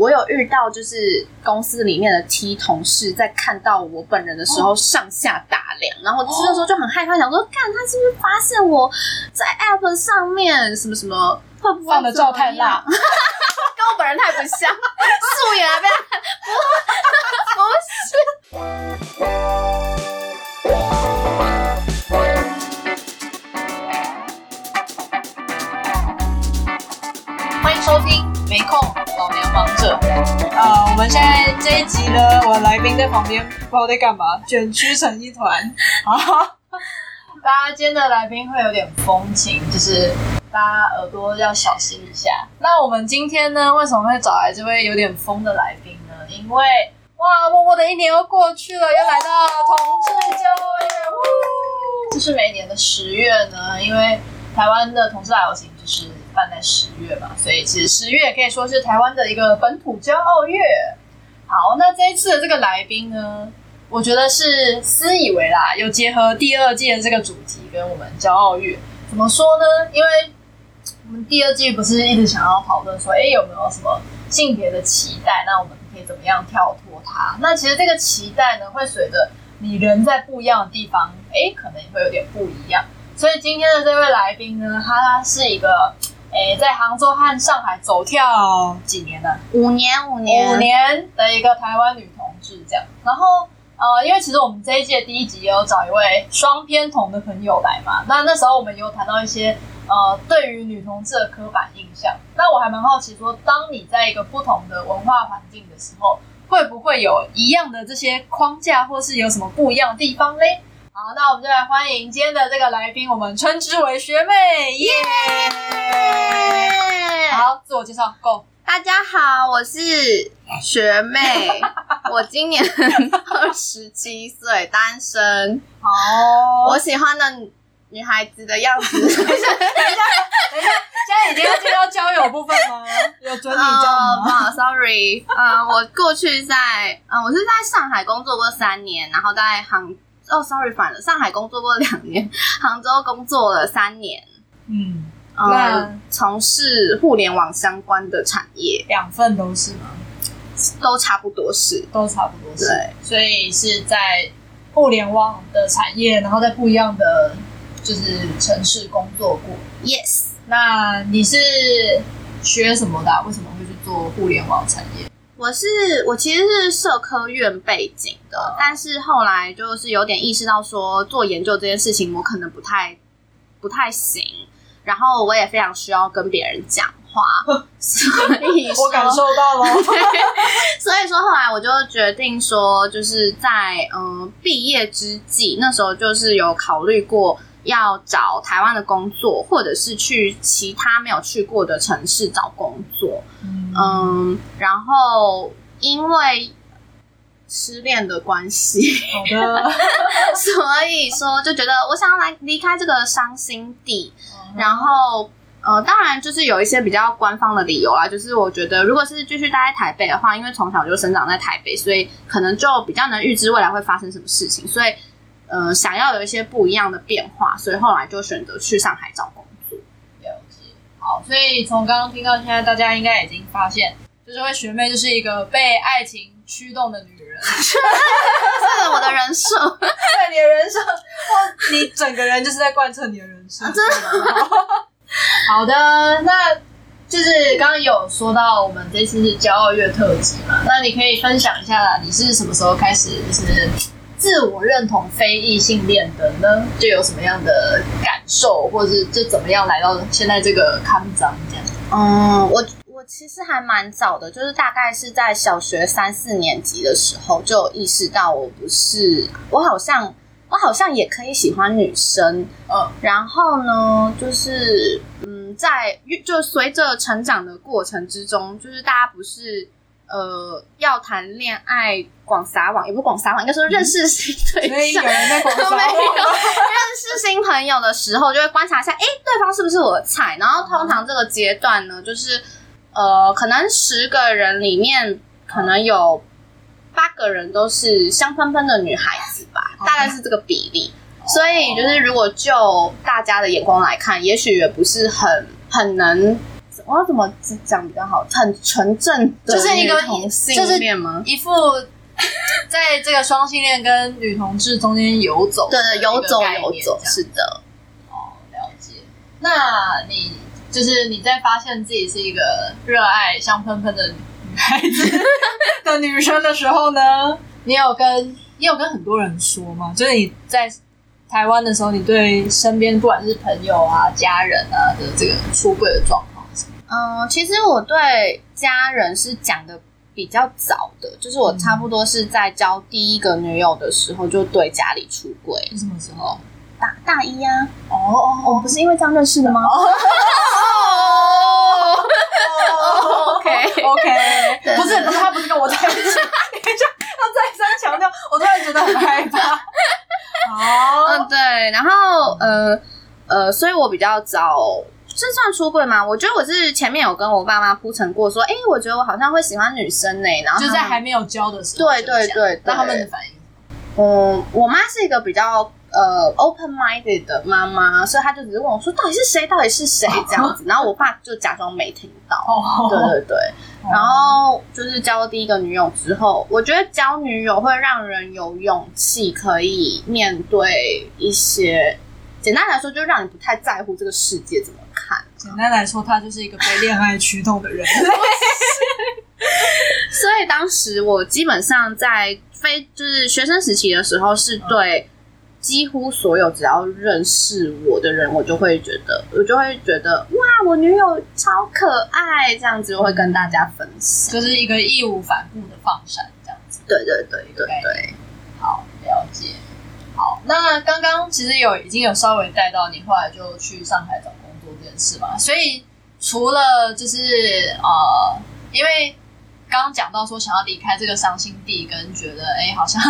我有遇到，就是公司裡面的 T 同事在看到我本人的時候上下打量，哦、然後這個時候就很害怕，想說：幹、哦，他是不是發現我在 App 上面什麼什麼？會不會放的照太辣跟我本人太不像， 素顏啊？ 不， 不是。歡迎收聽，沒空。忙着，呃，我們現在這一集呢，我來賓在旁邊不知道在幹嘛，捲曲成一團。啊， 大家今天的來賓會有點風情，就是大家耳朵要小心一下。那我們今天呢，為什麼會找來這位有點瘋的來賓呢？因為哇，默默的一年又過去了，又來到同志驕傲月，嗚哇，這是每年的十月呢，因為臺灣的同志遊行，在十月嘛，所以其實十月可以說是台灣的一個本土驕傲月。好，那這一次的這個來賓呢，我覺得是私以為啦，又結合第二季的這個主題跟我們驕傲月，怎麼說呢？因為我們第二季不是一直想要討論說，哎，有沒有什麼性別的期待？那我們可以怎麼樣跳脫它？那其實這個期待呢，會隨着你人在不一樣的地方，哎，可能也會有點不一樣。所以今天的這位來賓呢，他，他是一個。哎，在杭州和上海走跳幾年了？五年，五年，五年的一個台灣女同志這樣。然後呃，因為其實我們這一季第一集也有找一位雙偏同的朋友來嘛。那那時候我們有談到一些呃，對於女同志的刻板印象。那我還蠻好奇說，當你在一個不同的文化環境的時候，會不會有一樣的這些框架，或是有什麼不一樣的地方呢？好，那我們就來歡迎今天的這個來賓，我們稱之為學妹。耶！好，自我介紹，Go。大家好，我是學妹， 我今年二十七歲，單身。哦，oh. 我喜歡的女孩子的樣子 等一下。等一下，等一下，現在已經要介紹交友部分了有準你交友嗎？Sorry，嗯、uh,，我過去在嗯，uh, 我是在上海工作過三年，然後在杭。哦，sorry，反了。上海工作過兩年，杭州工作了三年。嗯，嗯那從事互聯網相關的產業，兩份都是嗎？都差不多是，都差不多是。對，所以是在互聯網的產業，然後在不一樣的就是城市工作過。Yes，那你是學什麼的？為什麼會去做互聯網產業？我是我其實是社科院背景的，但是後來就是有點意識到說做研究這件事情我可能不太不太行，然後我也非常需要跟別人講話，呵所以說我感受到了，所以說後來我就決定說就是在嗯、呃、畢業之際，那時候就是有考慮過。要找台灣的工作，或者是去其他沒有去過的城市找工作。嗯，嗯，然後因為失戀的關係，好的， 所以說就覺得我想要來離開這個傷心地。嗯、然後，呃、嗯，當然就是有一些比較官方的理由啦，就是我覺得如果是繼續待在台北的話，因為從小就生長在台北，所以可能就比較能預知未來會發生什麼事情，所以。呃，想要有一些不一樣的變化，所以後來就選擇去上海找工作。了解。好，所以從剛剛聽到現在，大家應該已經發現，就是這位學妹就是一個被愛情驅動的女人。算了，我的人生， 對，你的人生，哇，你整個人就是在貫徹你的人生。 嗎 好的，那就是剛剛有說到我們這次是“驕傲月”特輯嘛，那你可以分享一下啦，你是什麼時候開始就是？自我認同非異性戀的呢，就有什麼樣的感受，或者是就怎麼樣來到現在這個康爭這樣子？嗯，我我其實還蠻早的，就是大概是在小學三四年級的時候就有意識到我不是，我好像我好像也可以喜歡女生，呃、嗯，然後呢，就是嗯，在就隨着成長的過程之中，就是大家不是。呃，要談戀愛廣撒網，也不廣撒網，應該說認識新對象。嗯有啊、沒有認識新朋友的時候，就會觀察一下，誒、 欸，對方是不是我的菜？然後通常這個階段呢，就是呃，可能十個人裡面，可能有八個人都是香噴噴的女孩子吧，大概是這個比例。Okay. 所以就是，如果就大家的眼光來看，也許也不是很很能。我要怎麼講比較好？很純正的女同性戀嗎？一副在這個雙性戀跟女同志中間遊走，對對，遊走遊走，是的。哦，了解。那你就是你在發現自己是一個熱愛香噴噴的女孩子、的女生的時候呢？ 你有跟你有跟很多人說嗎？就是你在台灣的時候，你對身邊不管是朋友啊、家人啊的、就是、這個出櫃的狀。嗯，其實我對家人是講的比較早的，就是我差不多是在交第一個女友的時候就對家裡出櫃。嗯、什麼時候？大大一啊？哦哦哦，不是因為這樣認識的嗎？哦，OK OK，不是不是，他不是跟我在一起，等一下他再三強調，我突然覺得很害怕。哦、oh. 嗯，對，然後呃、嗯、呃，所以我比較早。這算出櫃嗎？我覺得我是前面有跟我爸媽鋪陳過，說，哎、欸，我覺得我好像會喜歡女生呢、欸。然後就在還沒有交的時候，對對，對對對，然後他們的反應，嗯，我媽是一個比較呃 open minded 的媽媽，所以她就只是問我說到，到底是誰？到底是誰？這樣子。Oh. 然後我爸就假裝沒聽到。Oh. 對對對。然後就是交第一個女友之後，我覺得交女友會讓人有勇氣，可以面對一些簡單來說，就讓你不太在乎這個世界怎麼。簡單來說，他就是一個被戀愛驅動的人。 所以當時我基本上在非就是學生時期的時候，是對幾乎所有只要認識我的人，嗯、我就會覺得我就會覺得哇，我女友超可愛，這樣子，我會跟大家分享，就是一個義無反顧的放閃這樣子。對對對對對，對對對，好，了解。好，那剛剛其實有已經有稍微帶到你，後來就去上海找。是嗎？所以除了就是呃，因為剛剛講到說想要離開這個傷心地，跟覺得哎、欸、好像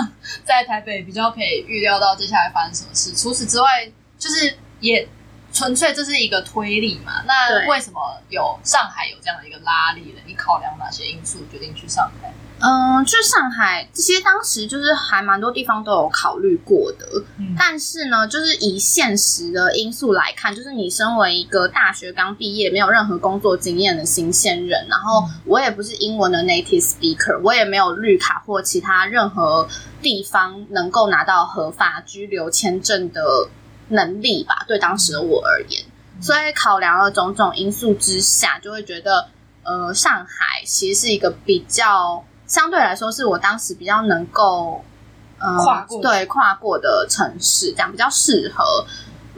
在台北比較可以預料到接下來發生什麼事。除此之外，就是也純粹這是一個推力嘛。那為什麼有上海有這樣的一個拉力呢？你考量哪些因素決定去上海？嗯，去上海這些當時就是還蠻多地方都有考慮過的，嗯、但是呢，就是以現實的因素來看，就是你身為一個大學剛畢業、沒有任何工作經驗的新鮮人，然後我也不是英文的 native speaker，我也沒有綠卡或其他任何地方能夠拿到合法居留簽證的能力吧？對當時的我而言，嗯、所以考量了種種因素之下，就會覺得，呃，上海其實是一個比較。相對來說，是我當時比較能夠，嗯，跨過，對，跨過的城市，這樣比較適合。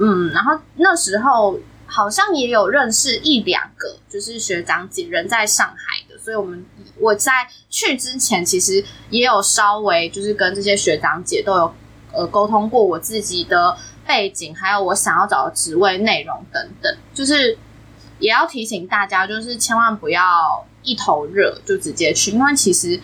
嗯，然後那時候好像也有認識一兩個，就是學長姐人在上海的，所以我們我在去之前，其實也有稍微就是跟這些學長姐都有呃溝通過我自己的背景，還有我想要找的職位內容等等，就是也要提醒大家，就是千萬不要。一頭熱就直接去，因為其實，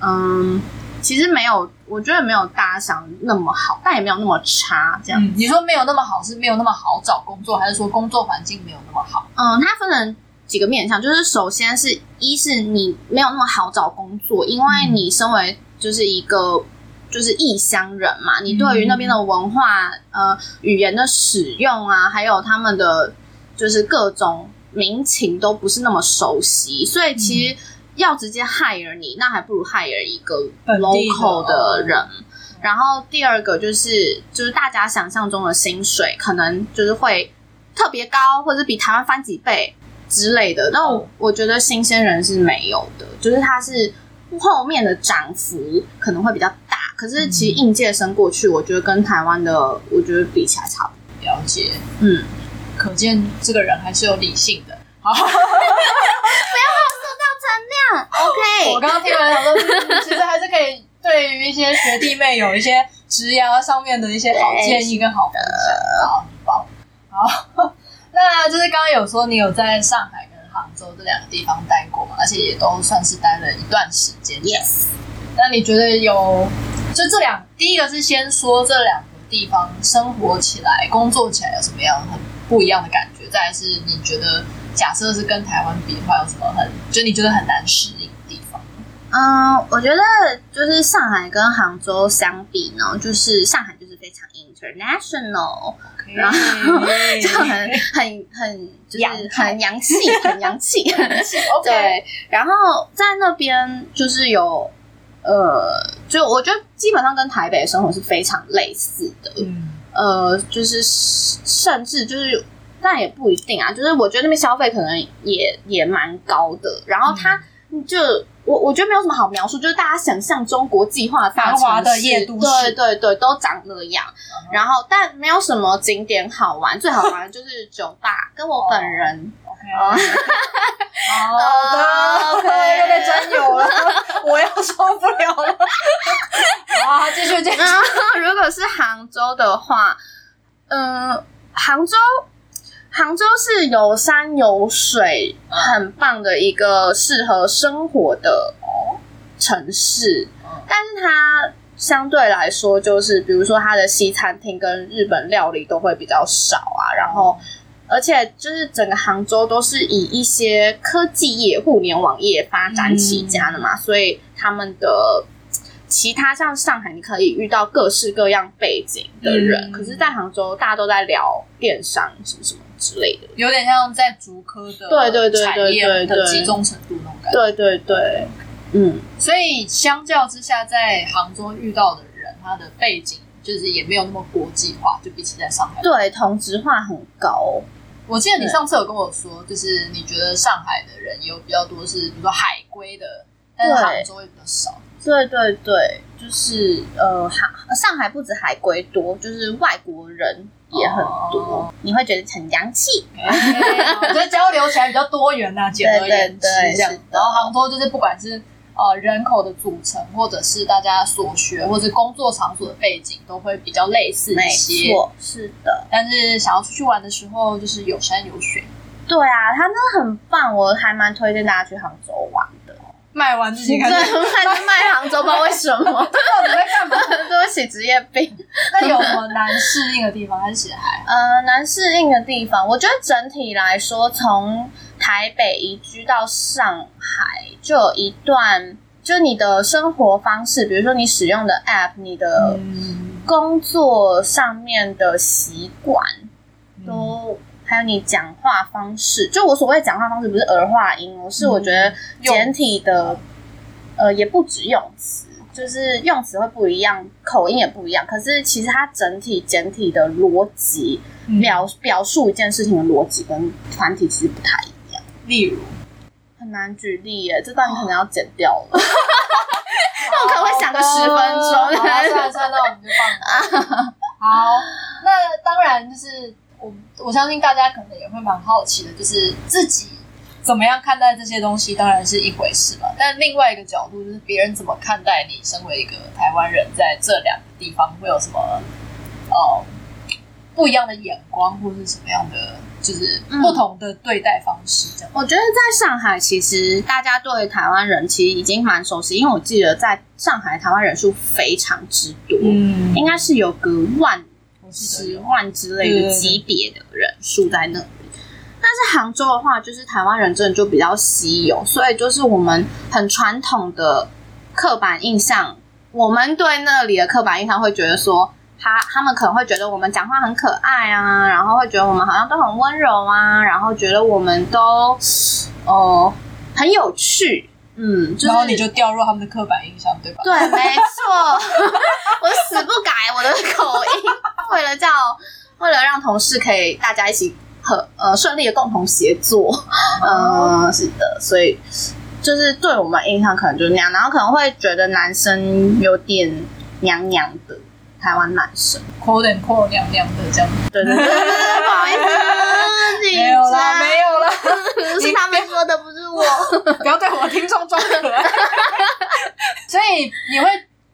嗯，其實沒有，我覺得沒有大家想的那麼好，但也沒有那麼差。這樣。嗯，你說沒有那麼好，是沒有那麼好找工作，還是說工作環境沒有那麼好？嗯，它分成幾個面向，就是首先是一是你沒有那麼好找工作，因為你身為就是一個就是異鄉人嘛，你對於那邊的文化、呃語言的使用啊，還有他們的就是各種。民情都不是那麼熟悉，所以其實要直接 hire 你，那還不如 hire 一個 local 的人。呃的哦、然後第二個就是，就是大家想象中的薪水可能就是會特別高，或者比台灣翻幾倍之類的。但我覺得新鮮人是沒有的，就是它是後面的漲幅可能會比較大，可是其實應屆生過去，我覺得跟台灣的我覺得比起來差不多。了解，嗯。可見這個人還是有理性的。好， 不要說到陳亮 ，OK。我剛剛聽完，想說其實還是可以對於一些學弟妹有一些職業上面的一些好建議跟好方法。好，那就是剛剛有說你有在上海跟杭州這兩個地方待過嘛，而且也都算是待了一段時間。Yes。那你覺得有就這兩，第一個是先說這兩個地方生活起來、工作起來有什麼樣的？不一樣的感覺，再來是你覺得，假設是跟台灣比的話，有什麼很，就你覺得很難適應的地方嗎？嗯，uh, 我覺得就是上海跟杭州相比呢，就是上海就是非常 international，Okay. 然後就很很很就是很洋氣， 洋氣，很洋氣，很洋氣。 Okay. 對，然後在那邊就是有，呃，就我覺得基本上跟台北的生活是非常類似的。嗯。呃，就是甚至就是，但也不一定啊。就是我覺得那邊消費可能也也蠻高的，然後他就、嗯、我我覺得沒有什麼好描述，就是大家想象中國際化繁華的夜都市，對對對，都長那樣。嗯、然後但沒有什麼景點好玩，最好玩的就是酒吧。 跟我本人。哦哦，好的，OK，又在轉扭了， 我要受不了了。啊、 oh，繼續接。Uh, 如果是杭州的話，嗯，杭州，杭州是有山有水，uh. 很棒的一個適合生活的城市。Uh. 但是它相對來說，就是比如說它的西餐廳跟日本料理都會比較少啊，然後。而且就是整個杭州都是以一些科技業、互聯網業發展起家的嘛，嗯、所以他們的其他像上海，你可以遇到各式各樣背景的人。嗯、可是，在杭州，大家都在聊電商什麼什麼之類的，有點像在竹科的對對對對對產業的集中程度那種感覺。對對對，對對對，嗯，所以相較之下，在杭州遇到的人，他的背景就是也沒有那麼國際化，就比起在上海對，對同質化很高。我記得你上次有跟我說，對就是你覺得上海的人有比較多是，比如說海歸的，對但是杭州也比較少。對對對，就是呃，杭上海不止海歸多，就是外國人也很多，哦、你會覺得很洋氣，欸啊、我覺得交流起來比較多元吶、啊。簡 而言之，這樣。對對對，是的。然後杭州就是不管是。呃，人口的組成，或者是大家所學，或者工作場所的背景，都會比較類似那些。沒錯，是的。但是想要出去玩的時候，就是有山有水。對啊，他真的很棒，我還蠻推薦大家去杭州玩的。賣完自己看就，還能賣杭州包。為什麼？到底 在幹嘛？ 對不起，職業病。那個、有什麼難適應的地方？還是什麼？呃，難適應的地方，我覺得整體來說從。從台北移居到上海，就有一段就你的生活方式，比如說你使用的 App，你的工作上面的習慣，嗯、都還有你講話方式。就我所謂講話方式，不是兒化音，我、嗯、是我覺得簡體的，啊、呃，也不止用詞，就是用詞會不一樣，口音也不一樣。可是其實它整體簡體的邏輯、嗯、表表述一件事情的邏輯跟繁體其實不太一樣。例如，很難舉例耶，這當然可能要剪掉了。 吧那我可能會想個十分鐘，啊。算了算了，那我們就放了。 好，那當然就是我，我相信大家可能也會蠻好奇的，就是自己怎麼樣看待這些東西，當然是一回事嘛。但另外一個角度，就是別人怎麼看待你，身為一個台灣人，在這兩個地方會有什麼哦，不一樣的眼光，或是什麼樣的，就是不同的對待方式，這樣。嗯，我覺得在上海，其實大家對台灣人其實已經蠻熟悉，因為我記得在上海，台灣人數非常之多，嗯，應該是有個萬、十萬之類的級別的人數在那裡，嗯，但是杭州的話，就是台灣人真的就比較稀有，所以就是我們很傳統的刻板印象，我們對那裡的刻板印象會覺得說，他他們可能會覺得我們講話很可愛啊，然後會覺得我們好像都很溫柔啊，然後覺得我們都，哦、呃，很有趣，嗯。就是、然後你就掉入他們的刻板印象，對吧？對，沒錯， 我死不改 我的口音，為了叫，為了讓同事可以大家一起很呃順利的共同協作，嗯、呃，是的，所以就是對我們印象可能就那樣，然後可能會覺得男生有點娘娘的。台灣男生 cool 點、cool 亮亮的這樣子。不好意思、啊，沒有了，沒有了， 是他們說的，不是我。 不要對我們聽眾裝可愛。 所以你會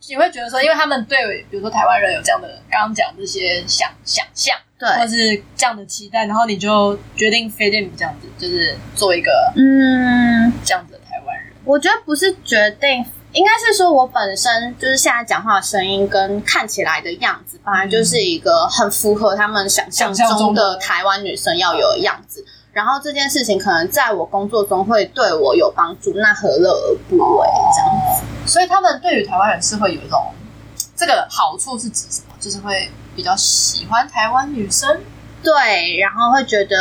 你會覺得說，因為他們對比如說台灣人有這樣的剛剛講這些想想象，對，或是這樣的期待，然後你就決定 fit in 這樣子，就是做一個嗯這樣子的台灣人、嗯。我覺得不是決定。應該是說，我本身就是現在講話的聲音跟看起來的樣子，當然、嗯、就是一個很符合他們想象中的台灣女生要有的樣子。嗯、樣然後這件事情可能在我工作中會對我有幫助，那何樂而不為？這樣子，嗯、所以他們對於台灣人是會有一種，這個好處是指什麼？就是會比較喜歡台灣女生，對，然後會覺得。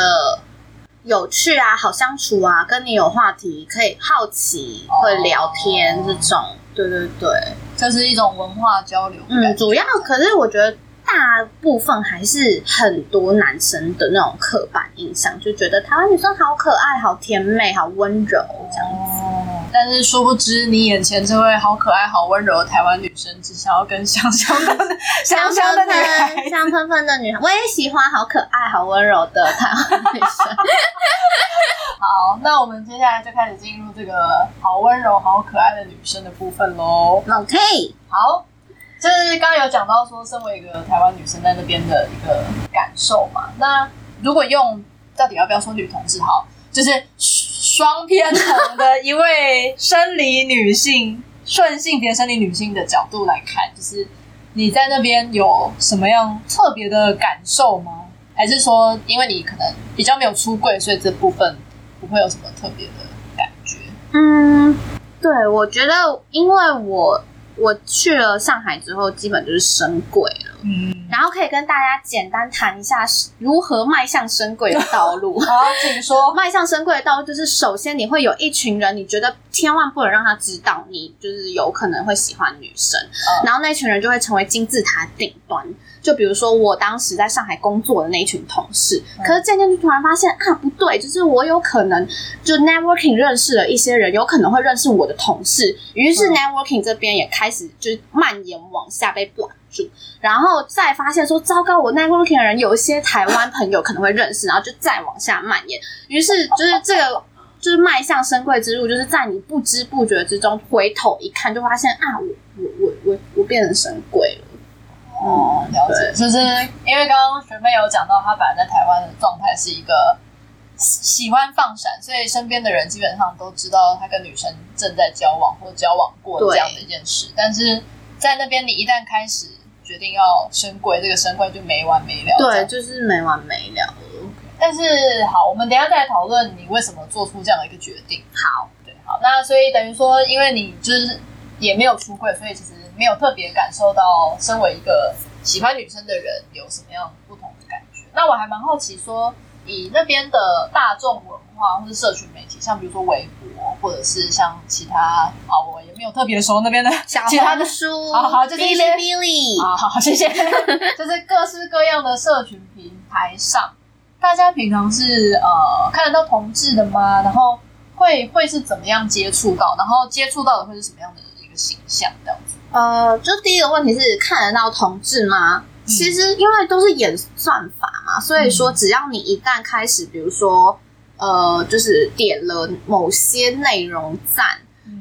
有趣啊，好相處啊，跟你有話題，可以好奇會聊天、oh. 這種，對對對，這是一種文化交流。嗯，主要可是我覺得大部分還是很多男生的那種刻板印象，就覺得台灣女生好可愛、好甜美、好溫柔這樣子。但是，殊不知你眼前這位好可愛、好溫柔的台灣女生，只想要跟香香的香香的女孩香噴噴、香噴噴的女孩。我也喜歡好可愛、好溫柔的台灣女生。 好，那我們接下來就開始進入這個好溫柔、好可愛的女生的部分嘍。OK，好，就是剛剛有講到說，身為一個台灣女生在那邊的一個感受嘛。那如果用，到底要不要說女同志？好，就是。雙偏旁的一位生理女性，順 性別生理女性的角度來看，就是你在那邊有什麼樣特別的感受嗎？還是說，因為你可能比較沒有出櫃，所以這部分不會有什麼特別的感覺？嗯，對，我覺得，因為我我去了上海之後，基本就是深櫃了。嗯。然後可以跟大家簡單談一下如何邁向深櫃的道路、 哦。好，請說。邁向深櫃的道路就是，首先你會有一群人，你覺得千萬不能讓他知道你就是有可能會喜歡女生。嗯、然後那群人就會成為金字塔頂端。就比如說，我當時在上海工作的那一群同事，嗯、可是漸漸就突然發現啊，不對，就是我有可能就 networking 認識了一些人，有可能會認識我的同事。於是 networking 這邊也開始就蔓延往下被斷。然後再發現說糟糕，我那 looking 的人有一些台灣朋友可能會認識，然後就再往下蔓延。於是就是這個就是邁向深櫃之路，就是在你不知不覺之中回頭一看，就發現啊我，我我我我我變成深櫃了。哦，了解，就是因為剛剛學妹有講到，她本來在台灣的狀態是一個喜歡放閃，所以身邊的人基本上都知道他跟女生正在交往或交往過這樣的一件事。對但是在那邊，你一旦開始。決定要深櫃，這個深櫃就沒完沒了。對，就是沒完沒了。但是好，我們等一下再來討論你為什麼做出這樣的一個決定。好，對，好。那所以等於說，因為你就是也沒有出櫃，所以其實沒有特別感受到身為一個喜歡女生的人有什麼樣不同的感覺。那我還蠻好奇說。以那邊的大眾文化或者社群媒體，像比如說微博，或者是像其他啊、哦，我也沒有特別熟那邊的其他的書，的好，好，好，好，好，嗶哩嗶哩，就是這些啊，好，好，好，謝謝。 就是各式各樣的社群平台上，大家平常是呃看得到同志的嗎？然後會會是怎麼樣接觸到？然後接觸到的會是什麼樣的一個形象？這樣子？呃，就第一個問題是看得到同志嗎？其實，因為都是演算法嘛，所以說只要你一旦開始，比如說，呃，就是點了某些內容讚，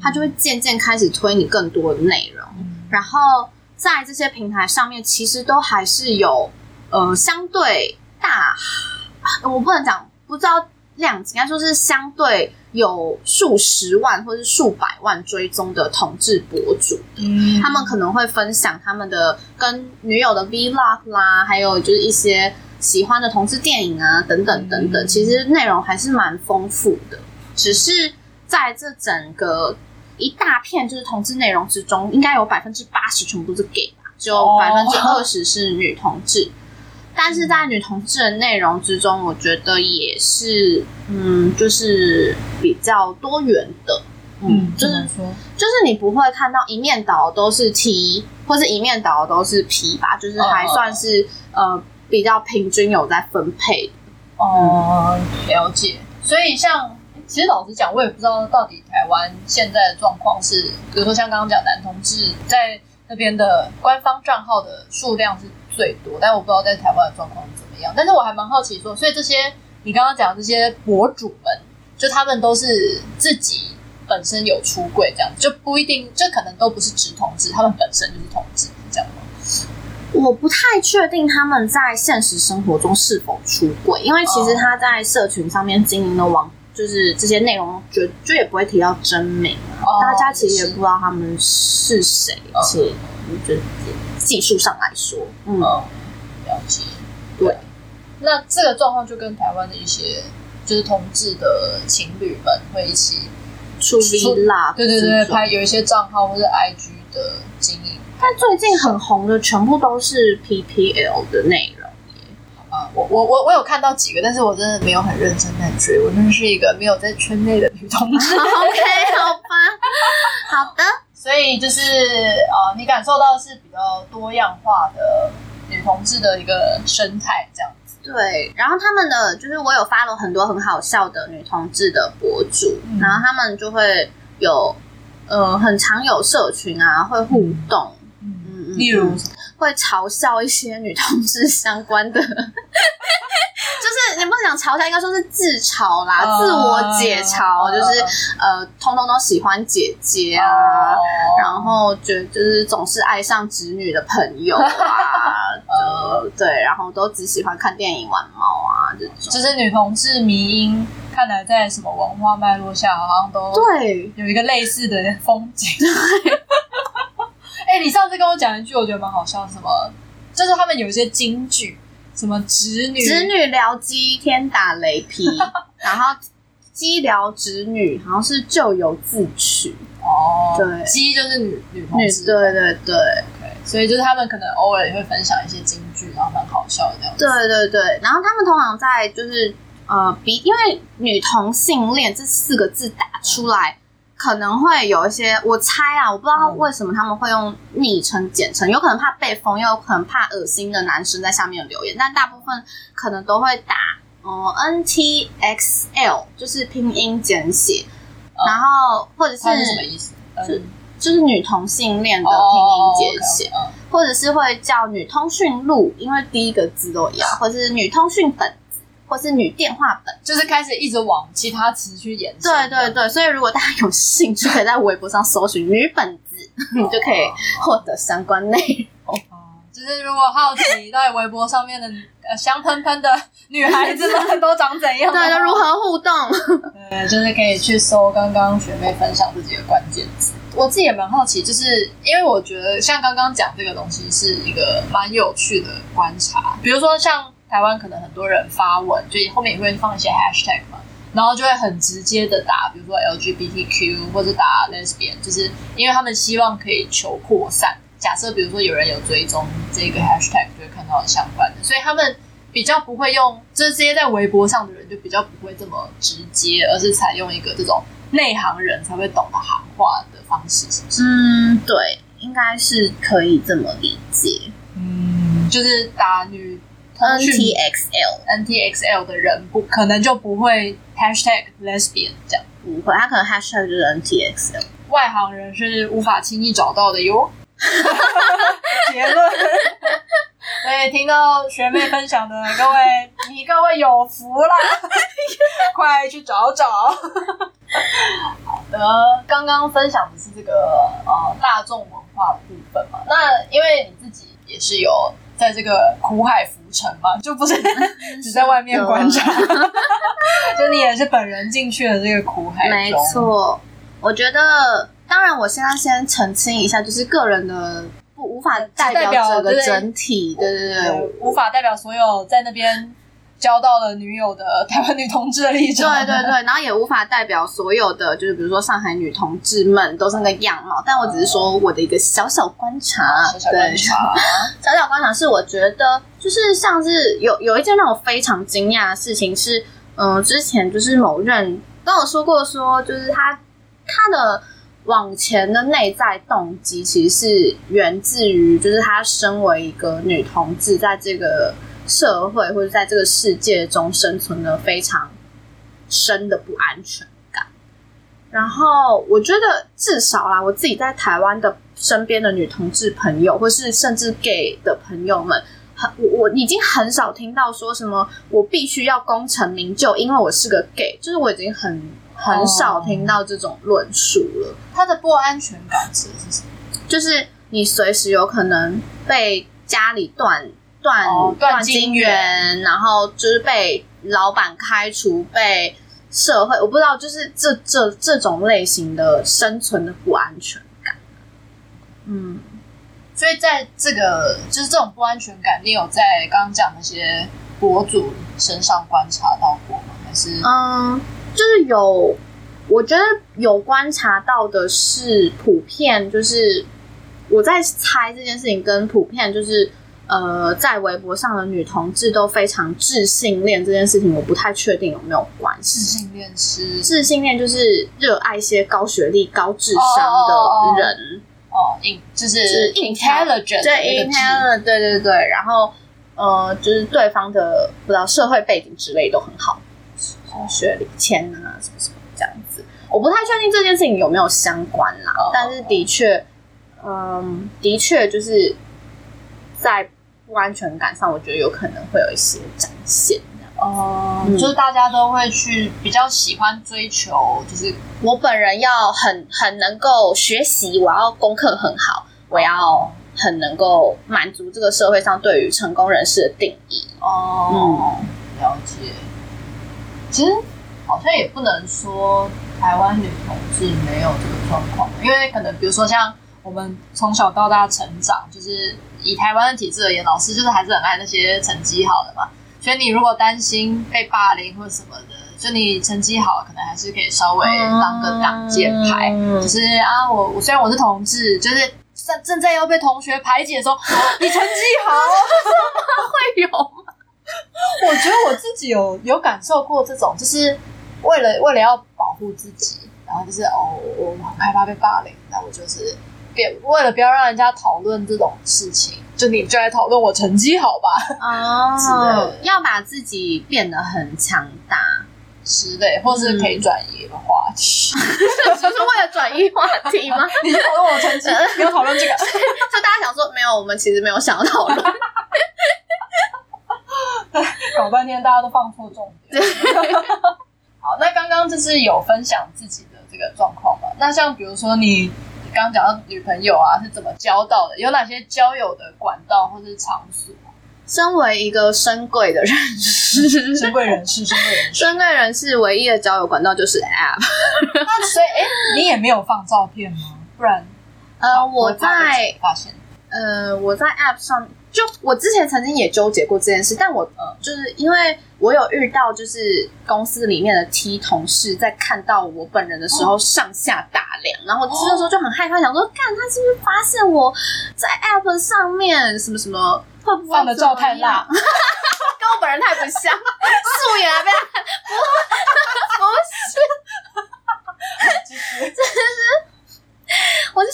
它就會漸漸開始推你更多的內容。然後在這些平台上面，其實都還是有，呃，相對大，我不能講不知道量級，應該說是相對。有數十萬或是數百萬追蹤的同志博主，嗯、他們可能會分享他們的跟女友的 Vlog 啦，還有就是一些喜歡的同志電影啊，等等等等，嗯、其實內容還是蠻豐富的。只是在這整個一大片就是同志內容之中，應該有百分之八十全部都是 gay 吧，哦、就百分之二十是女同志。但是在女同志的內容之中，我覺得也是，嗯，就是比較多元的，嗯，就是說，就是你不會看到一面倒都是 T 或是一面倒都是 P 吧，就是還算是、哦、呃比較平均有在分配的。哦，嗯、了解。所以像其實老實講，我也不知道到底台灣現在的狀況是，比如說像剛剛講男同志在那邊的官方賬號的數量是最多，但我不知道在台灣的狀況怎麼樣。但是我還蠻好奇說，說所以這些你剛剛講的這些博主們，就他們都是自己本身有出櫃這樣，就不一定，就可能都不是直同志，他們本身就是同志這樣。我不太確定他們在現實生活中是否出櫃，因為其實他在社群上面經營了網。就是這些內容絕，就就也不會提到真名、啊，哦、大家其實也不知道他們是誰？是，是、嗯就，就技術上來說，嗯，哦、了解。對，對那這個狀況就跟台灣的一些就是同志的情侶們會一起出理啦出。對對對，作拍有一些賬號或者 IG 的經營，但最近很紅的全部都是 PPL 的內容。呃、我我我我有看到幾個，但是我真的沒有很認真在追，我真的是一個沒有在圈內的女同志。啊、OK， 好吧，好的。所以就是呃，你感受到的是比較多樣化的女同志的一個生態，這樣子。對，然後他們的就是我有發了很多很好笑的女同志的博主，嗯、然後他們就會有呃，很常有社群啊，會互動。嗯例如、嗯，會嘲笑一些女同志相關的， 就是你不能講嘲笑，應該說是自嘲啦，啊、自我解嘲，啊、就是呃，通通都喜歡姐姐啊，啊然後覺就是總是愛上直女的朋友，呃，對，然後都只喜歡看電影玩、啊、玩貓啊這種。就是女同志迷因，看來在什麼文化脈絡下，好像都對有一個類似的風景。對， 哎、欸，你上次跟我講一句，我覺得蠻好笑，什麼？就是他們有一些金句，什麼直女、直女撩姬，天打雷劈， 然後姬撩直女，好像是咎由自取哦。對，姬就是女女同志，對對對。Okay, 所以就是他們可能偶爾也會分享一些金句，然後蠻好笑的這樣。對對對，然後他們通常在就是呃，比因為女同性戀這四個字打出來。嗯可能會有一些，我猜啊，我不知道為什麼他們會用昵稱簡稱嗯、有可能怕被封，又有可能怕惡心的男生在下面留言，但大部分可能都會打，嗯，NTXL，就是拼音簡寫，嗯、然後或者是，是什麼意思？是就是女同性戀的拼音簡寫，哦 okay, 嗯、或者是會叫女通訊錄，因為第一個字都一樣，是或者是女通訊本。或是女電話本，就是開始一直往其他詞去延伸。對對對，所以如果大家有興趣，可以在微博上搜尋“女本子”，你就可以獲得相關內容。哦、嗯，就是如果好奇在微博上面的 呃香噴噴的女孩子們都長怎樣， 對，就如何互動 對，就是可以去搜剛剛學妹分享這幾個關鍵詞。我自己也蠻好奇，就是因為我覺得像剛剛講這個東西是一個蠻有趣的觀察，比如說像。台灣可能很多人發文，就後面也會放一些 hashtag 嘛，然後就會很直接的打，比如說 LGBTQ 或者打 lesbian，就是因為他們希望可以求擴散。假設比如說有人有追蹤這個 hashtag，就會看到相關的。所以他們比較不會用，就是這些在微博上的人就比較不會這麼直接，而是採用一個這種內行人才會懂的行話的方式，是不是？嗯，對，應該是可以這麼理解。嗯，就是打女。NTXL，NTXL 去的人不可能就不會 #hashtag lesbian 這樣，不會，他可能 #hashtag 就是 NTXL，外行人是無法輕易找到的喲。 結論論，所 以聽到學妹分享的各位， 你各位有福啦， 快去找找。 好的，剛剛分享的是這個呃大眾文化的部分嘛，那因為你自己也是有。在這個苦海浮沉嘛，就不是 只在外面觀察，有了 就你也是本人進去的這個苦海。沒錯，我覺得，當然，我現在先澄清一下，就是個人的不無法代表整個整體，呃、對，不對，對對對、呃，無法代表所有在那邊。交到了女友的台灣女同志的立場。對對對，然後也無法代表所有的，就是比如說上海女同志們都是那個樣貌。但我只是說我的一個小小觀察，嗯、對小小觀察， 小小觀察。是我覺得，就是像是有有一件讓我非常驚訝的事情是，嗯，之前就是某任跟我說過說，說就是他他的往前的內在動機其實是源自於，就是他身為一個女同志，在這個。社會或者在這個世界中生存的非常深的不安全感，然後我覺得至少啦，我自己在台灣的身邊的女同志朋友，或是甚至 gay 的朋友們，很我我已經很少聽到說什麼我必須要功成名就，因為我是個 gay，就是我已經很很少聽到這種論述了。哦、他的不安全感是是什麼？就是你隨時有可能被家裡斷。斷斷金源，然後就是被老闆開除，嗯、被社會，我不知道，就是這這這種類型的生存的不安全感。嗯，所以在這個就是這種不安全感，你有在剛剛講那些博主身上觀察到過嗎？還是嗯，就是有，我覺得有觀察到的是普遍，就是我在猜這件事情跟普遍就是。呃，在微博上的女同志都非常智性戀這件事情，我不太確定有沒有關係。智性戀是智性戀，就是熱愛一些高學歷、高智商的人哦 in 就是 intelligent 對 intelligent 對對對，然後呃，就是對方的不知道社會背景之類都很好，oh, 什麼學歷、錢啊什麼什麼這樣子，我不太確定這件事情有沒有相關啦、啊。Oh, oh, oh. 但是的確，嗯、呃，的確就是在。不安全感上，我覺得有可能會有一些展現這樣子。哦、嗯，就是大家都會去比較喜歡追求，就是我本人要很很能夠學習，我要功課很好，我要很能夠滿足這個社會上對於成功人士的定義。哦、嗯，嗯、了解。其實好像也不能說台灣女同志沒有這個狀況，因為可能比如說像我們從小到大成長，就是。以台灣的體制而言，老師就是還是很愛那些成績好的嘛。所以你如果擔心被霸凌或什麼的，就你成績好，可能還是可以稍微當個擋箭牌。嗯、就是啊，我雖然我是同志，就是正正在要被同學排擠的時候，啊、你成績好，啊，會有嗎？ 我覺得我自己有有感受過這種，就是為了為了要保護自己，然後就是哦，我很害怕被霸凌，那我就是。別為了不要讓人家討論這種事情，就你就來討論我成績好吧？哦是的要把自己變得很強大之類，或是可以轉移的話題？嗯、 就是為了轉移話題嗎？你討論我成績，你 討論這個，就大家想說沒有？我們其實沒有想討論， 搞半天大家都放錯重點。對 好，那剛剛就是有分享自己的這個狀況吧？那像比如說你。剛剛講到女朋友啊是怎麼交到的，有哪些交友的管道或者場所？身為一個深櫃的人士，深櫃 人士，深櫃人士，深櫃人士唯一的交友管道就是 App。那 所以，欸，你也沒有放照片嗎？不然，呃，好我在我發現，呃，我在 App 上。就我之前曾經也糾結過這件事，但我呃，就是因為我有遇到，就是公司裡面的 T 同事在看到我本人的時候上下打量，然後這個時候就很害怕，想說，看、哦、他是不是發現我在 App 上面什麼什麼，會不會放的照太辣， 跟我本人太不像， 素顏啊，不、就是，不是，真是。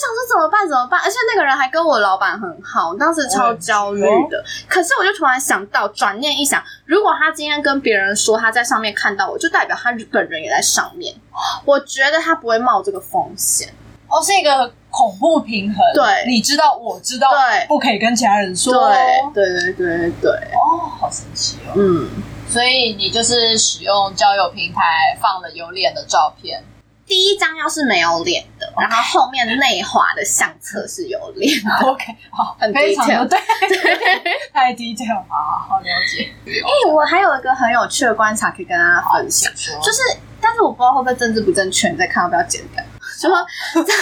我想說怎麼辦？怎麼辦？而且那個人還跟我老板很好，當時超焦慮的。哦、可是我就突然想到，轉念一想，如果他今天跟別人說他在上面看到我，就代表他本人也在上面。我覺得他不會冒這個風險。哦，是、這、一個恐怖平衡。對，你知道，我知道，對，不可以跟其他人說、哦。對對對對對。哦，好神奇哦。嗯。所以你就是使用交友平台放了有臉的照片。第一張要是沒有臉的，Okay. 然後後面內滑的相冊是有臉的。OK，好、oh,，很低調，對，對。 太低調，對。好了解。對、okay. 欸。我還有一個很有趣的觀察可以跟大家分享，Okay. 就是，但是我不知道會不會政治不正確，你再看要不要剪掉。就說在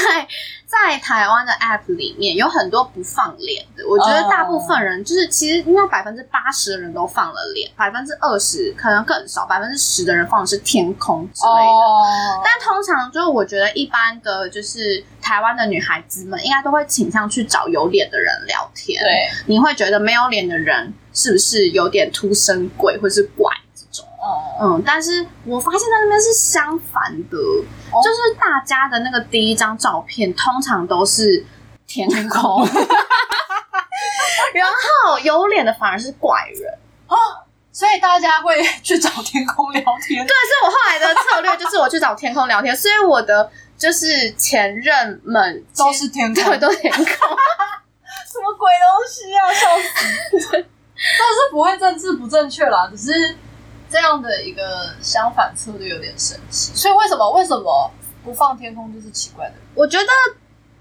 在台灣的 App 裡面有很多不放臉的，我覺得大部分人就是其實應該百分之八十的人都放了臉，百分之二十可能更少，百分之十的人放的是天空之類的。Oh. 但通常就是我覺得一般的就是台灣的女孩子們應該都會傾向去找有臉的人聊天。對，你會覺得沒有臉的人是不是有點突生鬼或是怪？嗯，但是我發現，在那邊是相反的，哦、就是大家的那個第一張照片通常都是天空， 然後有臉的反而是怪人哦，所以大家會去找天空聊天。對，是我後來的策略就是我去找天空聊天， 所以我的就是前任們前都是天空，對，都是天空， 什麼鬼東西啊！笑死， 都是不會政治不正確啦， 只是。這樣的一個相反策略有點神奇，所以為什麼為什麼不放天空就是奇怪的？我覺得，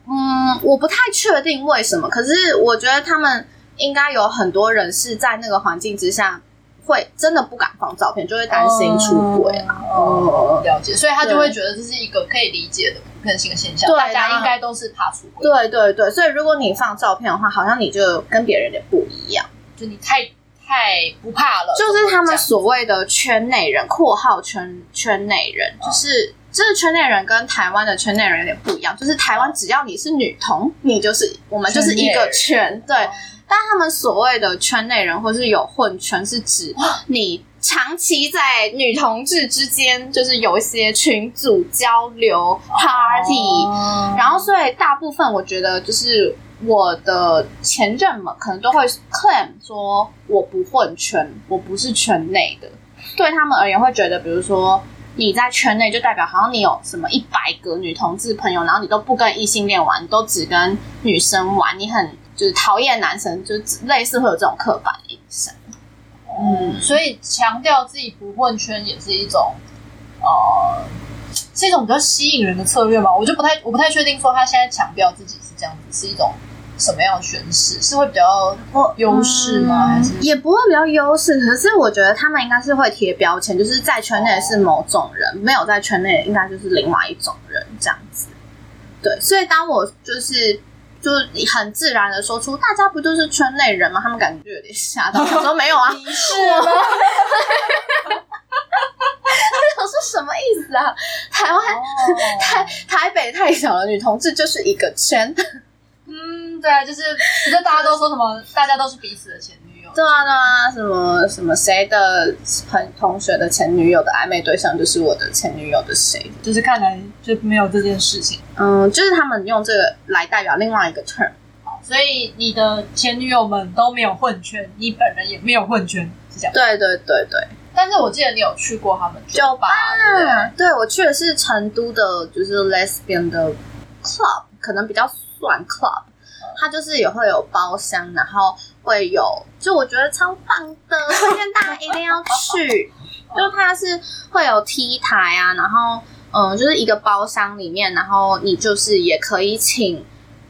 嗯，我不太確定為什麼。可是我覺得他們應該有很多人是在那個環境之下，會真的不敢放照片，就會擔心出櫃了、啊、哦、嗯嗯嗯嗯，了解，所以他就會覺得這是一個可以理解的普遍性的現象。對啊、大家應該都是怕出櫃。對對對，所以如果你放照片的話，好像你就跟別人也不一樣，就你太。太不怕了，就是他們所謂的圈內人（括號圈圈內人，嗯就是），就是就是圈內人跟台灣的圈內人有點不一樣，就是台灣只要你是女同，你就是我們就是一個圈，圈對。嗯、但他們所謂的圈內人，或是有混圈，是指你長期在女同志之間，就是有一些群組交流、party，嗯、然後所以大部分我覺得就是。我的前任們可能都會 claim 說我不混圈，我不是圈內的，對他們而言，會覺得比如說你在圈內就代表好像你有什麼一百個女同志朋友，然後你都不跟異性戀玩，都只跟女生玩，你很就是討厭男生，就類似會有這種刻板印象。嗯，所以強調自己不混圈也是一種。是一種比較吸引人的策略嗎？我就不太，我不太確定。說他現在強調自己是這樣子，是一種什麼樣的宣示？是會比較優勢嗎？嗯、還是也不會比較優勢。可是我覺得他們應該是會貼標籤，就是在圈內是某種人，哦、沒有在圈內應該就是另外一種人這樣子。對，所以當我就是就很自然的說出“大家不就是圈內人嗎？”他們感覺就有點嚇到， 我說“沒有啊，不是嗎。” 是什麼意思啊？台灣台、oh. 台北太小了，女同志就是一個圈。嗯，對啊，就是，就大家都說什麼， 大家都是彼此的前女友。對啊，對啊，什麼什麼誰的朋同學的前女友的曖昧對象就是我的前女友的誰，就是看來就沒有這件事情。嗯，就是他們用這個來代表另外一個 term。好，所以你的前女友們都沒有混圈，你本人也沒有混圈，是這樣？對對對對。但是我記得你有去過他們酒吧，班是吧對，我去的是成都的，就是 Lesbian 的 Club，可能比較算 Club，、嗯、它就是也會有包廂，然後會有，就我覺得超棒的，推薦 大家一定要去。 就它是會有 T 台啊，然後嗯，就是一個包廂裡面，然後你就是也可以請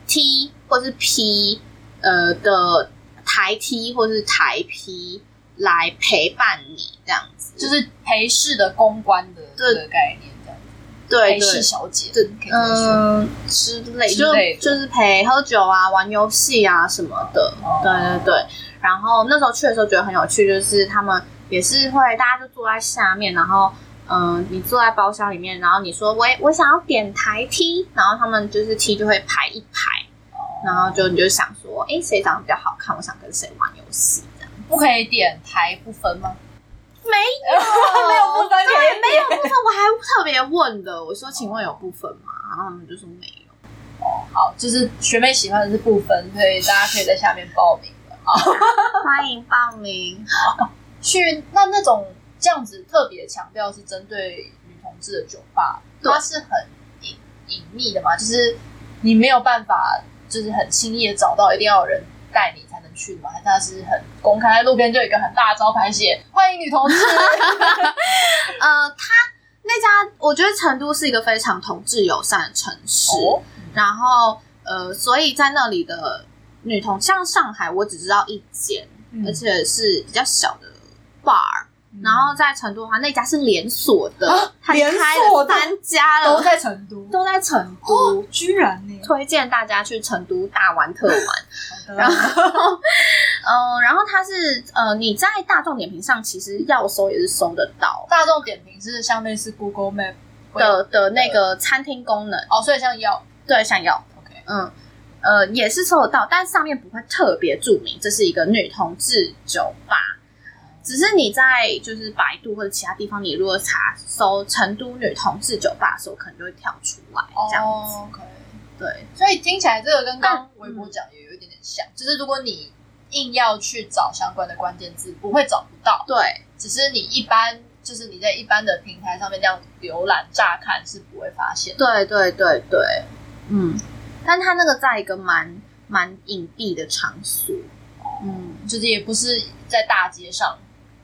T 或是 P，呃的台 T 或是台 P。來陪伴你這樣子，嗯、就是陪侍的公關的，對的概念這樣對，對，陪侍小姐，對嗯，之類之類，之類就，就是陪喝酒啊、玩遊戲啊什麼的。哦、對對對。然後那時候去的時候覺得很有趣，就是他們也是會大家就坐在下面，然後嗯，你坐在包廂裡面，然後你說我我想要點台 T，然後他們就是 T 就會排一排，然後就你就想說，哎、欸，誰長得比較好看，我想跟誰玩遊戲。不可以點台不分嗎？沒有， 沒有不分，對，沒有不分，我還特別問的。我說：“請問有不分嗎？”他們、哦嗯、就說、是、沒有。哦，好，就是學妹喜歡的是不分，所以大家可以在下面報名了。 好歡迎報名。好，去那那種這樣子特別強調是針對女同志的酒吧，對它是很隱隱秘的嘛，就是你沒有辦法，就是很輕易的找到，一定要有人帶你去嘛，但是很公開，路邊就有一個很大的招牌寫“歡迎女同志”。 呃，他那家，我覺得成都是一個非常同志友善的城市，哦、然後呃，所以在那裡的女同，像上海，我只知道一間，嗯、而且是比較小的 bar。然後在成都的話，那家是連鎖的，連鎖三家了，都在成都，都在成都，居然呢。推薦大家去成都大玩特玩。 的然後，嗯、 呃，然後它是，呃，你在大眾點評上其實要搜也是搜得到，大眾點評是像類似 Google Map 的的那個餐廳功能哦，所以像要對像要 OK，嗯，呃，也是搜得到，但上面不會特別注明這是一個女同志酒吧。只是你在就是百度或者其他地方，你如果查搜“成都女同志酒吧”的時候，可能就會跳出來這樣子。Oh, okay. 對，所以聽起來這個跟剛剛微博講也有一點點像，嗯、就是如果你硬要去找相關的關鍵字，不會找不到。對，只是你一般就是你在一般的平台上面這樣瀏覽，乍看是不會發現。對對對對，嗯，但他那個在一個蠻蠻隱蔽的場所，嗯，就是也不是在大街上。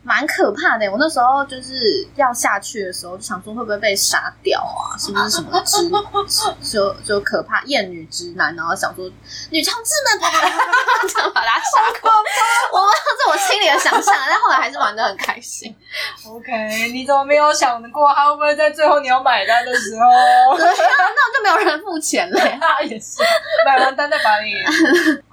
蠻可怕的，我那時候就是要下去的時候，就想說會不會被殺掉啊，是不是什麼直就就可怕厭女直男，然後想說女強直男怕，想把他殺掉。我按在我心裡的想象， 但後來還是玩得很開心。OK，你怎麼沒有想過，他會不會在最後你要買單的時候， 那我就沒有人付錢了。那 也是，買完單再把你。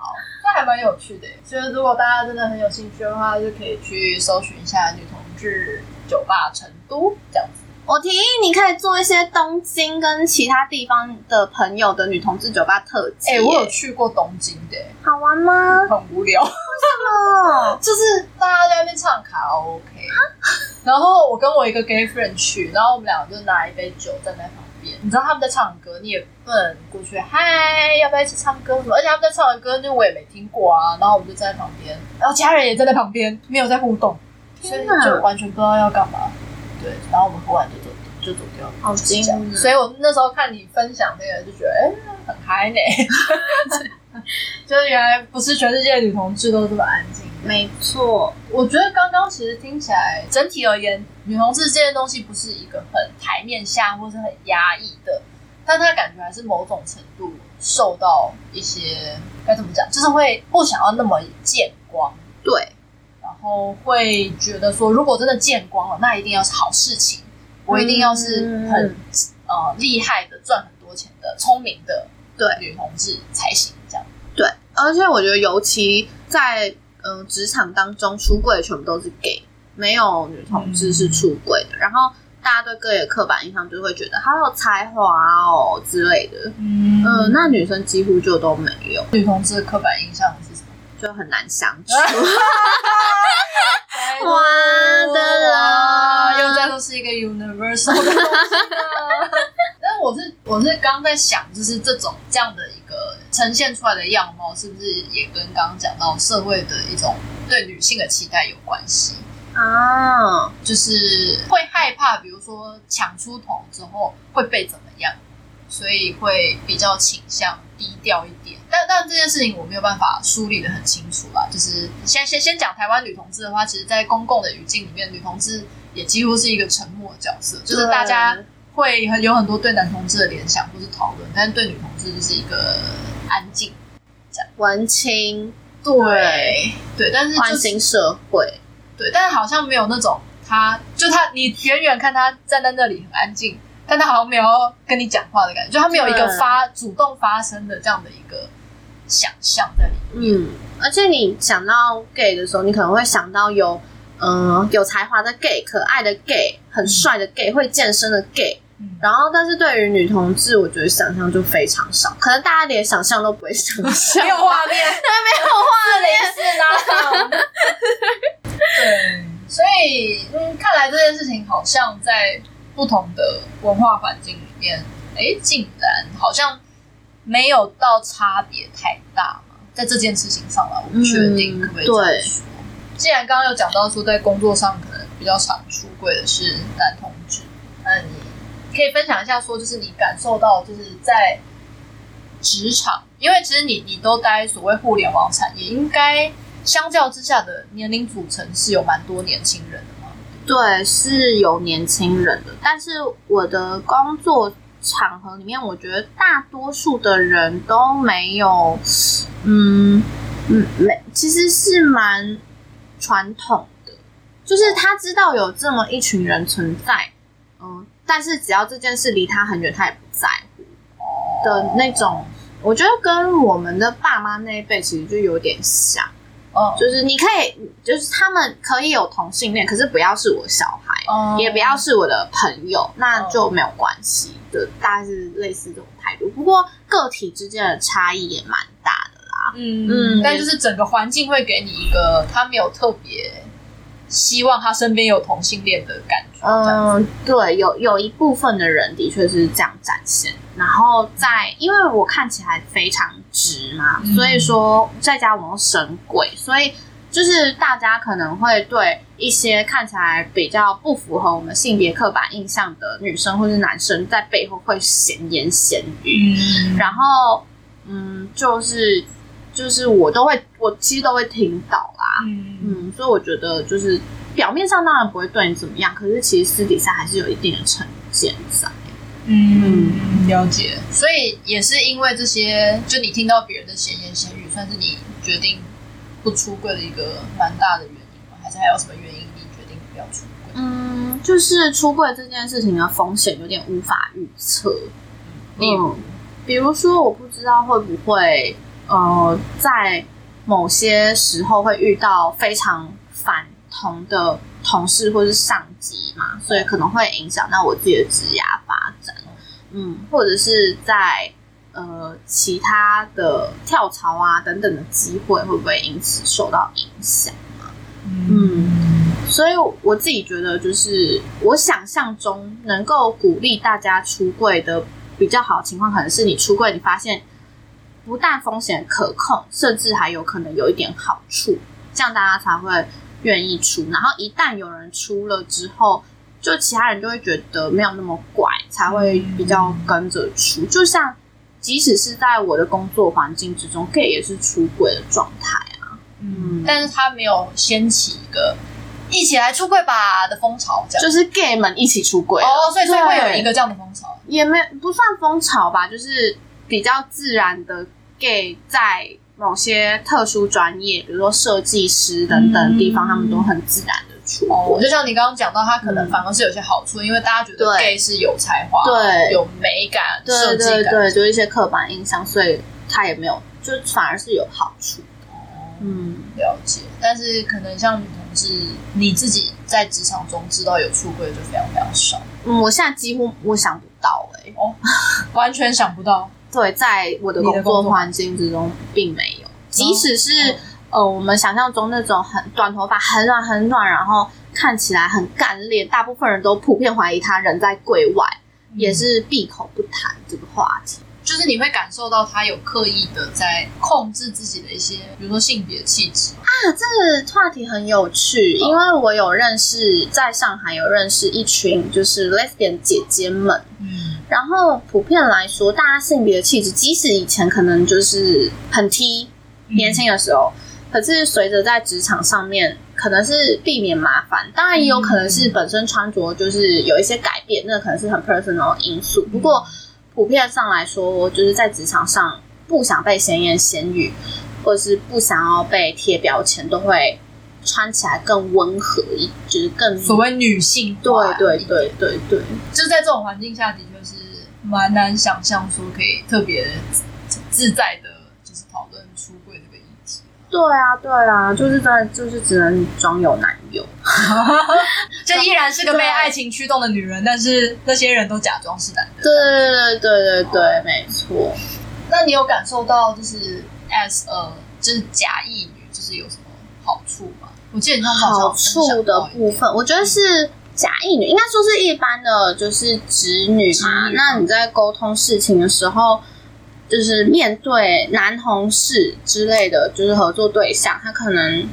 那還蠻有趣的、欸，所以如果大家真的很有興趣的話，就可以去搜尋一下女同志酒吧成都這樣子。我提議你可以做一些東京跟其他地方的朋友的女同志酒吧特輯、欸。哎、欸，我有去過東京的、欸，好玩嗎？很無聊，為什麼就是大家在那邊唱卡拉 OK，、啊、然後我跟我一個 gay friend 去，然後我們倆就拿一杯酒在那。你知道他們在唱歌，你也不能過去嗨，要不要一起唱歌什麼？而且他們在唱的歌，那我也沒聽過啊。然後我們就站在旁邊，然後家人也站在旁邊，沒有在互動，啊、所以就完全不知道要幹嘛。對，然後我們後來就走，就走掉了。好驚訝、啊！所以我那時候看你分享那個，就覺得哎，很嗨呢。就是原來不是全世界的女同志都這麼安靜。沒錯，我覺得剛剛其實聽起來，整體而言，女同志這件東西不是一個很台面下，或是很壓抑的，但她感覺還是某種程度受到一些該怎麼講，就是會不想要那麼見光。對，然後會覺得說，如果真的見光了，那一定要是好事情，我一定要是很、嗯、呃、厲害的，賺很多錢的，聰明的，對，女同志才行。這樣。對，而且我覺得尤其在。嗯，職、呃、場當中出櫃，全部都是 gay，沒有女同志是出櫃的。嗯、然後大家對各有的刻板印象就會覺得，好有才華、啊、哦之類的。嗯、呃，那女生幾乎就都沒有。女同志的刻板印象是什麼？就很難相處。哇的啦，又在說是一個 universal。的東西 但我是我是剛在想，就是這種這樣的。呈現出來的樣貌是不是也跟剛剛講到社會的一種對女性的期待有關係啊？就是會害怕，比如說搶出頭之後會被怎麼樣，所以會比較傾向低調一點。但但這件事情我沒有辦法梳理得很清楚吧？就是先先先講台灣女同志的話，其實，在公共的語境裡面，女同志也幾乎是一個沉默的角色，就是大家會有很多對男同志的聯想或是討論，但是對女同志就是一個。安靜，文青，對對，對，但是關心社會，對，但是好像沒有那種他，就他，你遠遠看他站在那裡很安靜，但他好像沒有跟你講話的感覺，就他沒有一個發對主動發聲的這樣的一個想象在裡面。嗯，而且你想到 gay 的時候，你可能會想到有嗯、呃、有才華的 gay，可愛的 gay，很帥的 gay，、嗯、會健身的 gay。嗯、然後，但是對於女同志，我覺得想象就非常少，可能大家連想象都不會想象，沒有畫面，還沒有畫面是嗎？四四 對，所以嗯，看來這件事情好像在不同的文化環境裡面，哎，竟然好像沒有到差別太大嘛，在這件事情上啊，我不確定可不可以說。嗯、對，既然剛剛有講到說，在工作上可能比較常出櫃的是男同志，那你。可以分享一下，說就是你感受到，就是在職場，因為其實你你都待所謂互聯網產業，應該相較之下的年齡組成是有蠻多年輕人的嗎？對，是有年輕人的。但是我的工作場合裡面，我覺得大多數的人都沒有，嗯嗯，沒，其實是蠻傳統的，就是他知道有這麼一群人存在，嗯。但是只要這件事離他很遠，他也不在乎的那種，我覺得跟我們的爸媽那一輩其實就有點像，就是你可以，就是他們可以有同性戀，可是不要是我小孩，也不要是我的朋友，那就沒有關係的，大概是類似這種態度。不過個體之間的差異也蠻大的啦，嗯嗯，但就是整個環境會給你一個他沒有特別。希望他身邊有同性戀的感覺。嗯，對，有有一部分的人的確是這樣展現。然後在，因為我看起來非常直嘛，嗯、所以說在家我們深櫃，所以就是大家可能會對一些看起來比較不符合我們性別刻板印象的女生或是男生，在背後會閒言閒語。嗯、然後，嗯，就是就是我都會，我其實都會聽到。嗯嗯，嗯所以我覺得就是表面上當然不會對你怎麼樣，可是其實私底下還是有一定的成見在。嗯，嗯了解。所以也是因為這些，就你聽到別人的閒言閒語，算是你決定不出櫃的一個蠻大的原因嗎？還是還有什麼原因你決定你不要出櫃？嗯，就是出櫃這件事情的風險有點無法預測。嗯,嗯，比如說，我不知道會不會呃在。某些時候會遇到非常反同的同事或是上級嘛，所以可能會影響到我自己的職業發展，嗯，或者是在呃其他的跳槽啊等等的機會，會不會因此受到影響？嗯，所以我自己覺得，就是我想象中能夠鼓勵大家出櫃的比較好的情況，可能是你出櫃，你發現。不但風險可控，甚至還有可能有一點好處，這樣大家才會願意出。然後一旦有人出了之後，就其他人就會覺得沒有那麼怪，才會比較跟着出。嗯、就像即使是在我的工作環境之中，gay 也是出櫃的狀態啊，嗯，但是他沒有掀起一個“一起來出櫃吧”的風潮，這樣就是 gay 們一起出櫃哦，所以所以會有一個這樣的風潮，也沒不算風潮吧，就是比較自然的。gay 在某些特殊專業，比如說設計師等等地方，嗯、他們都很自然的出櫃、哦、就像你剛剛講到，他可能反而是有些好處，嗯、因為大家覺得 gay 對是有才華、對有美感、設計感，對對對，就是一些刻板印象，所以他也沒有，就反而是有好處的。哦、嗯，了解。但是可能像你同事，你自己在職場中知道有出櫃的就非常非常少、嗯。我現在幾乎我想不到、欸，哎、哦，完全想不到。 對，在我的工作環境之中，並沒有。你即使是、嗯、呃，我們想象中那種很短頭髮、很短、很短，然後看起來很幹練，大部分人都普遍懷疑他人在櫃外，嗯、也是閉口不談這個話題。就是你會感受到他有刻意的在控制自己的一些，比如說性別氣質啊。這個話題很有趣，嗯、因為我有認識在上海有認識一群就是 Lesbian 姐姐們，嗯。然後普遍來說，大家性別的氣質，即使以前可能就是很 T，年輕的時候，嗯。可是隨着在職場上面，可能是避免麻煩，當然也有可能是本身穿着就是有一些改變，那可能是很 personal 因素。不過普遍上來說，就是在職場上不想被閒言閒語，或者是不想要被貼標籤，都會。穿起來更溫和一，就是更所謂女性化對對對對對，對，就是在這種環境下，的確是蠻難想象說可以特別自在的，就是討論出櫃這個議題。對啊對啊，就是在就是只能裝有男友， 就依然是個被愛情驅動的女人，但是那些人都假裝是男的。對對對對、嗯、對對沒錯。那你有感受到就是 s 呃，就是假異女就是有什麼好處嗎？我記得好處好的部分，我覺得是假意女，應該說是一般的就是直女，直女啊。那你在溝通事情的時候，就是面對男同事之類的就是合作對象，他可能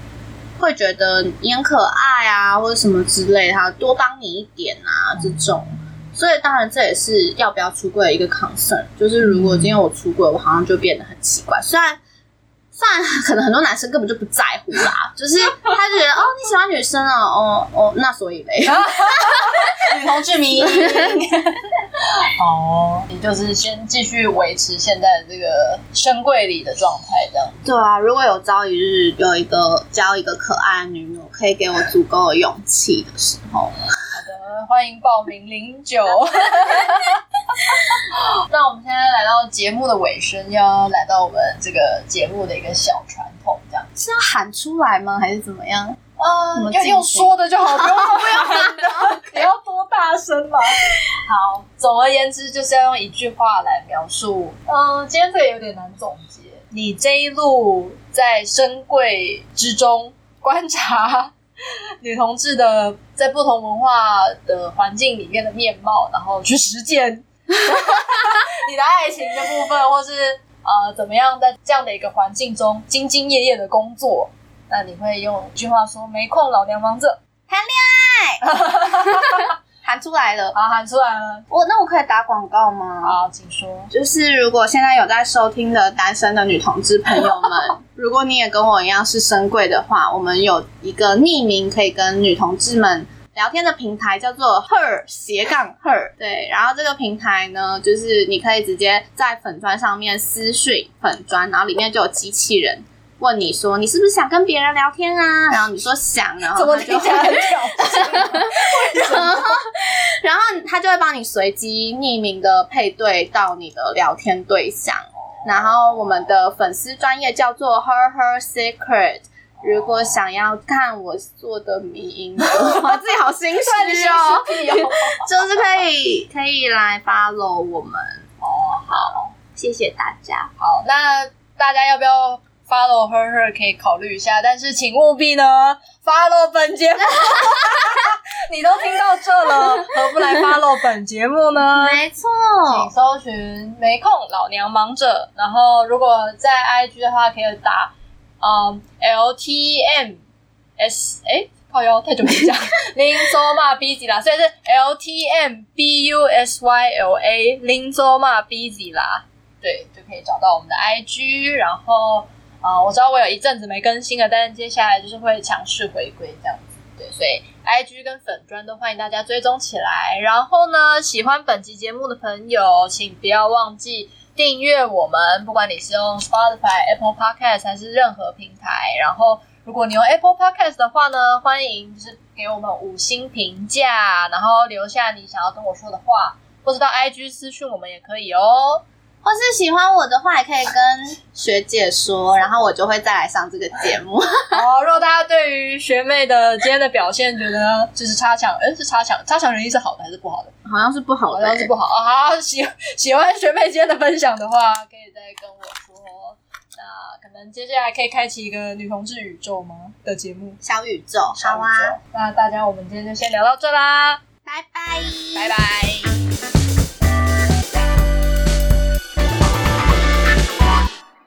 會覺得你很可愛啊，或者什麼之類、啊，他多幫你一點啊、嗯、這種。所以當然這也是要不要出櫃的一個 concern，就是如果今天我出櫃，我好像就變得很奇怪。雖然。雖然可能很多男生根本就不在乎啦，就是他就覺得 哦，你喜歡女生啊、哦，哦哦那所以嘞？ 女同志迷，哦， 你就是先繼續維持現在的這個深櫃裡的狀態這樣。對啊，如果有朝一日有一個交一個可愛女友可以給我足夠的勇氣的時候，好的，歡迎報名零九。 那我們現在來到節目的尾聲，要來到我們這個節目的一個小傳統，這樣是要喊出來嗎？還是怎麼樣？啊、呃，就用說的就好，不用喊的，你 要多大聲嘛， 好，總而言之，就是要用一句話來描述。嗯、呃，今天這也有點難總結。你這一路在深櫃之中觀察女同志的在不同文化的環境裡面的面貌，然後去實踐。 你的愛情的部分，或是呃怎麼樣，在這樣的一個環境中兢兢業業的工作，那你會用一句話說“沒空老娘忙着談戀愛”， 喊出來了啊，喊出來了！我那我可以打廣告嗎？啊，請說，就是如果現在有在收聽的單身的女同志朋友們，如果你也跟我一樣是深櫃的話，我們有一個匿名可以跟女同志們。聊天的平台叫做 her 斜槓 her，對，然後這個平台呢，就是你可以直接在粉專上面私信粉專，然後裡面就有機器人問你說你是不是想跟別人聊天啊？然後你說想，然後他就怎麼很屌， 然後他就會幫你隨機匿名的配對到你的聊天對象。然後我們的粉絲專頁叫做 her her secret。Sec ret, 如果想要看我做的迷因，我自己好心酸哦，就是可以可以來 follow 我們哦，好，謝謝大家。好，那大家要不要 follow her her？可以考慮一下，但是請務必呢 follow 本節目。你都聽到這了，何不來 follow 本節目呢？沒錯，請搜尋。沒空，老娘忙着。然後，如果在 IG 的話，可以打。嗯、um，L T M S，哎、欸，靠腰，太久沒講，林周嘛 busy 啦，所以是 L T M B U S Y L A，林周嘛 busy 啦，對，就可以找到我們的 I G，然後啊、嗯，我知道我有一陣子沒更新了，但接下來就是會強勢回歸這樣子，對，所以 I G 跟粉專都歡迎大家追蹤起來，然後呢，喜歡本集節目的朋友，請不要忘記。訂閱我們，不管你是用 Spotify、Apple Podcast 還是任何平台。然後，如果你用 Apple Podcast 的話呢，歡迎就是給我們五星評價，然後留下你想要跟我說的話，或者到 IG 私訊我們也可以哦。或是喜歡我的，的話，也可以跟學姐說，然後我就會再來上這個節目。好啊，如果大家對於學妹的今天的表現覺得就是差強，哎、欸，是差強，差強人意是好的還是不好的？好像是不好的、欸，好像是不好啊。好，喜喜歡學妹今天的分享的話，可以再跟我說。那可能接下來可以開啟一個女同志宇宙嗎的節目？小宇宙，宇宙，好啊。那大家，我們今天就先聊到這啦，拜拜，拜拜。